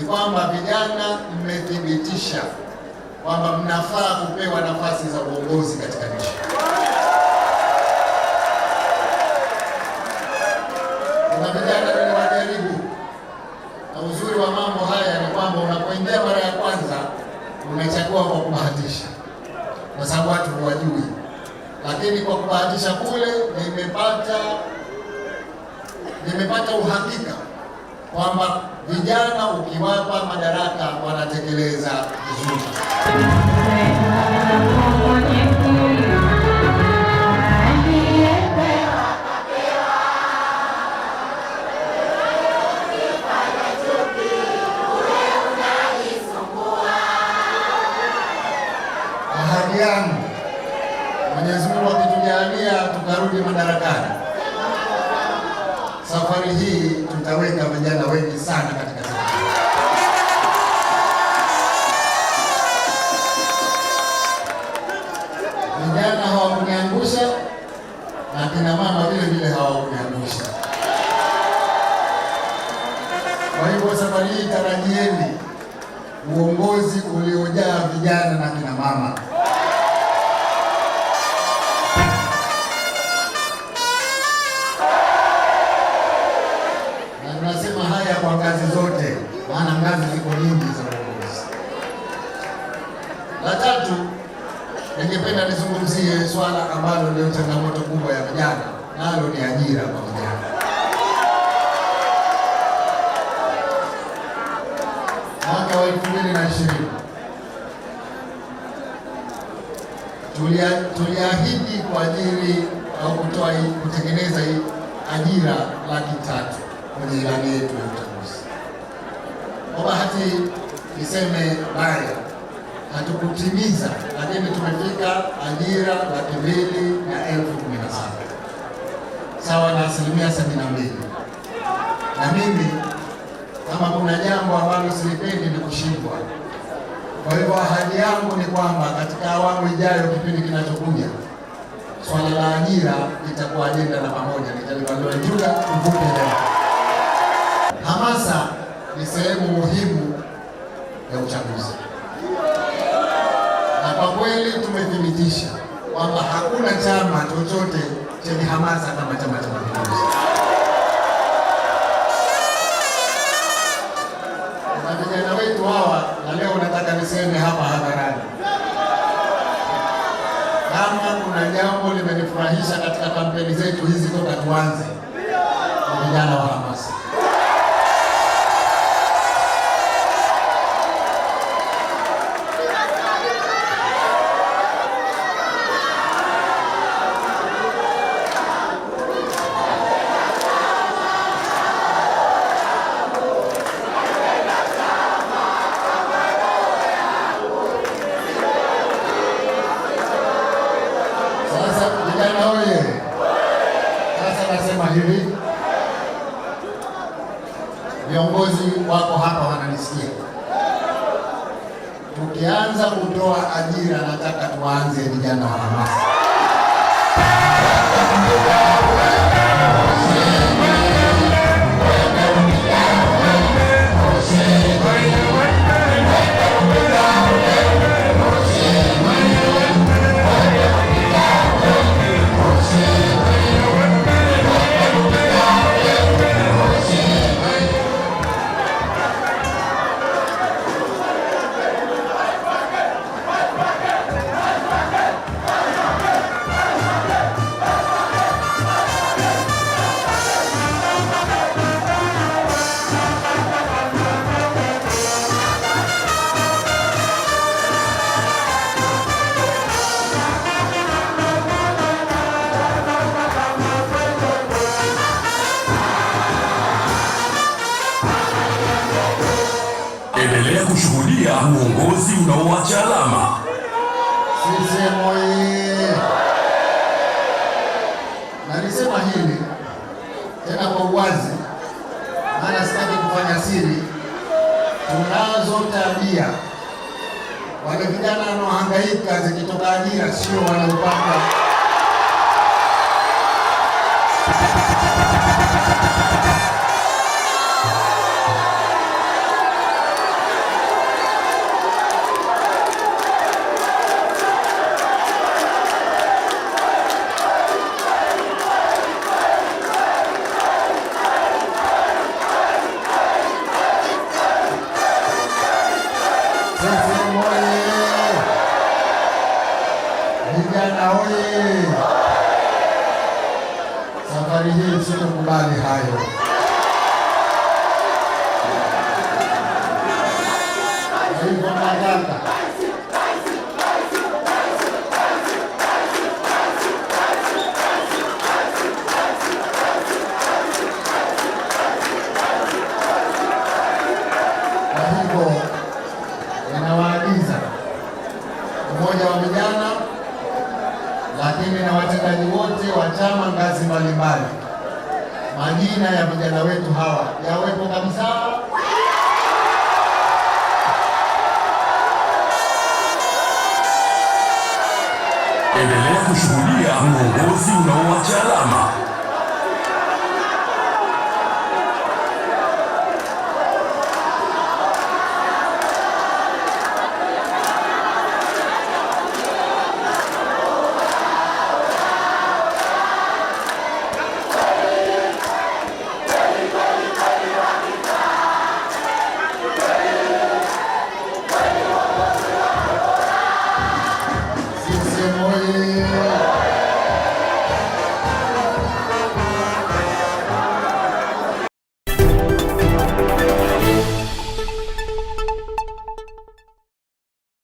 ni kwamba vijana mmethibitisha kwamba mnafaa kupewa nafasi za uongozi katika nchi. Kuna vijana majaribu, na uzuri wa mambo haya ni kwamba unapoingia mara ya kwanza unachagua kwa kubahatisha, kwa sababu watu huwajui, lakini kwa kubahatisha kule nimepata nimepata uhakika kwamba vijana ukiwapa madaraka wanatekeleza vizuri. Mwenyezi Mungu akitujalia tukarudi madarakani, safari hii tutaweka vijana sana katika Vijana hawakuniangusha na kina mama vile vile hawakuniangusha. Kwa hivyo safari hii tarajieni uongozi uliojaa vijana na kina mama. maana ngazi ziko nyingi za uongozi. La tatu, ningependa nizungumzie swala ambalo ndio changamoto kubwa ya vijana, nalo ni ajira kwa vijana. Mwaka wa elfu mbili na ishirini tuliahidi kwa ajili au kutoa kutengeneza ajira laki tatu kwenye ilani yetu ya kwa bahati niseme baya, hatukutimiza lakini tumefika ajira laki mbili na elfu kumi na saba sawa na asilimia sabini na mbili. Na mimi kama kuna jambo ambalo silipendi ni kushindwa. Kwa hivyo ahadi yangu ni kwamba katika awamu ijayo, kipindi kinachokuja, swala la ajira litakuwa ajenda na pamoja nitalivalia jula mvuke leo hamasa ni sehemu muhimu ya uchaguzi, na kwa kweli tumethibitisha kwamba hakuna chama chochote chenye hamasa kama Chama cha Mapinduzi. Na vijana wetu hawa, na leo nataka niseme hapa hadharani, kama kuna jambo limenifurahisha katika kampeni zetu hizi toka tuanze, vijana wa hamasa Mnasema hivi, viongozi wako hapa wananisikia. Tukianza kutoa ajira, nataka tuanze vijana wa hamasa tunaendelea kushuhudia uongozi unaoacha alama. Nalisema hili tena kwa uwazi, maana sitaki kufanya siri. Tunazo tabia, wale vijana wanaohangaika zikitoka ajira sio wanaopata Vijana oye! Safari hii msikubali hayo. wote wa chama ngazi mbalimbali, majina ya vijana wetu hawa yawepo kabisa. Endelea kushuhudia uongozi unaoacha alama.